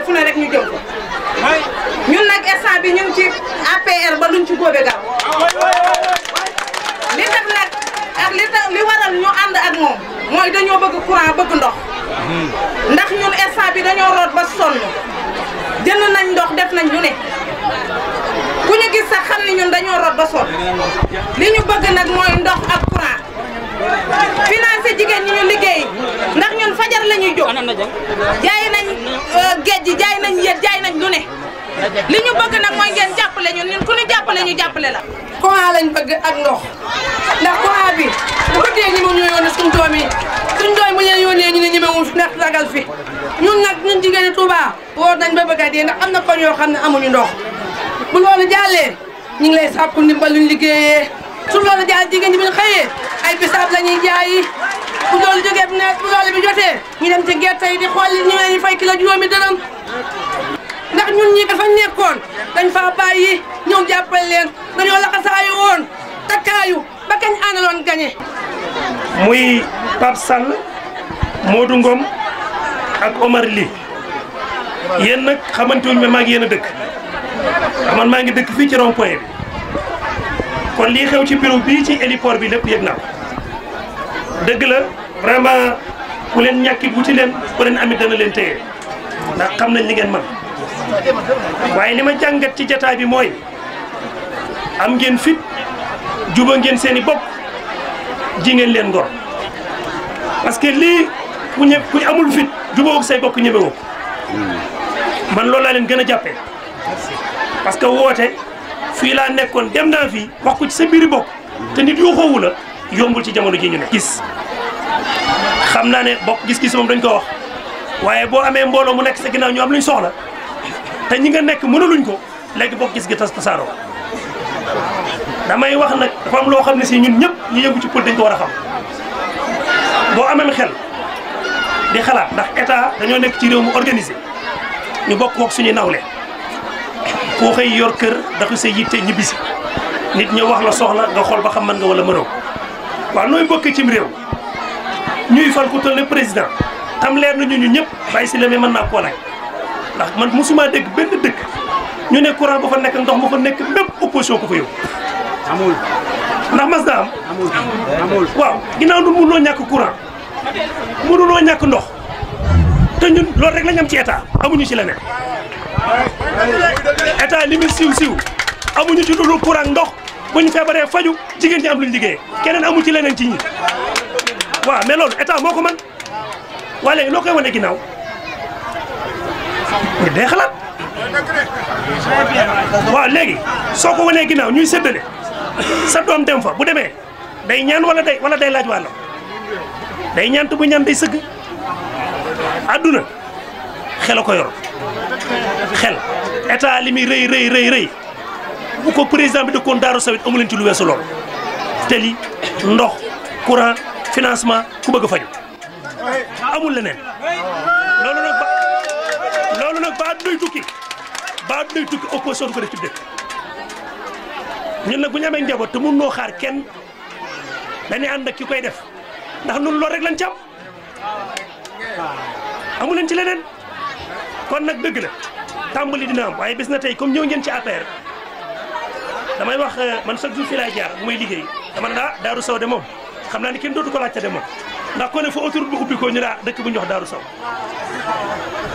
góobee fu ne rek ñu jëm ko ñun nag instant bi ñu ci APR ba luñ ci góobee gaaw li tax nag ak li tax li waral ñu ànd ak moom mooy dañoo bëgg courant bëgg ndox hmm. ndax ñun instant bi dañoo root ba sonn jënd nañ ndox def nañ ñu ne ku ñu gis sax xam ni ñun dañoo root ba sonn li ñu bëgg nag mooy ndox ak courant financé jigéen ñu liggéey ndax ñun fajar la ñuy li ñu bëgg nag mooy ngeen jàppale ñu ñun ku ñu jàppale ñu jàppale la. courant lañ bëgg ak ndox ndax courant bi bu ko dee ñu ñoo yónnee suñu doom yi suñu doom bu ñu leen yónnee ñu ne ñemewul ndax ragal fi ñun nag ñun jigéen ñi Touba woor nañ ba bëgg a dee ndax am na koñ yoo xam ne amuñu ndox bu loolu jàllee ñu ngi lay sàkku ndimbal luñ liggéeyee su loolu jàll jigéen ñi bu ñu xëyee ay bisaab la ñuy jaayi bu loolu jógee bu nawet bu loolu bi jotee ñu dem ci gerte yi di xool ñu leen fay kilo juróomi dërëm ndax ñun ñi dafa nekkoon dañ faa bàyyi ñëw jàppale leen dañoo laxasaayu woon takkaayu ba kañ àndaloon gañe muy Pape Sall Modou Ngom ak Omar Ly yéen nag xamante wuñ ma maa ngi yéen a dëkk ah, man maa ngi dëkk fii ci rond point bi kon lii xew ci bureau bii ci héliport bi lépp yëg naa dëgg la vraiment ku leen ñàkki bu ci leen ku leen amit dana leen téye ndax xam nañ li ngeen mën waaye li ma jàngat ci jataay bi mooy am ngeen fit juba ngeen seeni bopp ji ngeen leen ngor parce que lii ku ñë ku amul fit jubawoo say bokk ñëwewoo man loolu laa leen gën a jàppee parce que woote fii laa nekkoon dem naa fii wax ko ci sa biiri bokk te nit yoo xoowu la yombul ci jamono ji ñu gis xam naa ne bokk gis-gis moom dañ ko wax waaye boo amee mbooloo mu nekk sa ginnaaw ñu am ñu soxla te ñi nga nekk mënaluñ ko léegi boo gis gi tas tasaaroo damay wax nag dafa am loo xam ne si ñun ñëpp ñu yëgu ci pël dañ ko war a xam boo amee xel di xalaat ndax état dañoo nekk ci réew mu organisé ñu bokk kook suñu nawle koo xëy yor kër dafa sa yitte ñibbisi nit ñi wax la soxla nga xool ba xam man nga wala mënoo waaw nooy bokkee cim réew ñuy fal ku toll ne président tam leer nañu ñu ñëpp bàyyi si la mais mën naa koo laaj ndax man mosuma dégg benn dëkk ñu ne courant ba fa nekk ndox ma fa nekk opo opposition ko fa yow amul ndax mas na am amul waaw ginnaaw nu mënuloo ñàkk courant mënuloo ñàkk ndox te ñun loolu rek lañ am ci état amuñu ci leneen état li muy siiw siiw amuñu ci dudul courant ndox bu ñu feebaree faju jigéen ñi am luñ liggéeyee keneen amu ci leneen ci ñi waaw mais loolu état moo ko man waa léegi loo koy wane ginnaaw ngir day xalaat waaw léegi soo ko wanee ginaaw ñuy séddale sa doom dem fa bu demee day ñaan wala day wala day laaj wàllam day ñaan te bu ñaan day sëgg àdduna xel a ko yor xel état li muy rëy rëy rëy rëy bu ko président bi dëkkoon daaru sawit amu ci lu weesu loolu teli ndox courant financement ku bëgg a tukki ba àddunay tukki opposition du ko def ci dëkk ñun nag bu ñu amee njaboot te mun noo xaar kenn dañuy ànd ak ki koy def ndax nun loolu rek lañ ci am amu leen ci leneen kon nag dëgg la tàmbali dina am waaye bis na tey comme ñëw ngeen ci APR damay wax euh, man jour jaar muy dama ah, de ni kenn dootu ko de ndax ko ne fa bu ubbi ko ñu ah, bu ñu wax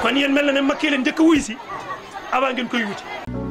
kon yéen mel na ne Macky leen njëkk a si avant ngeen koy wuti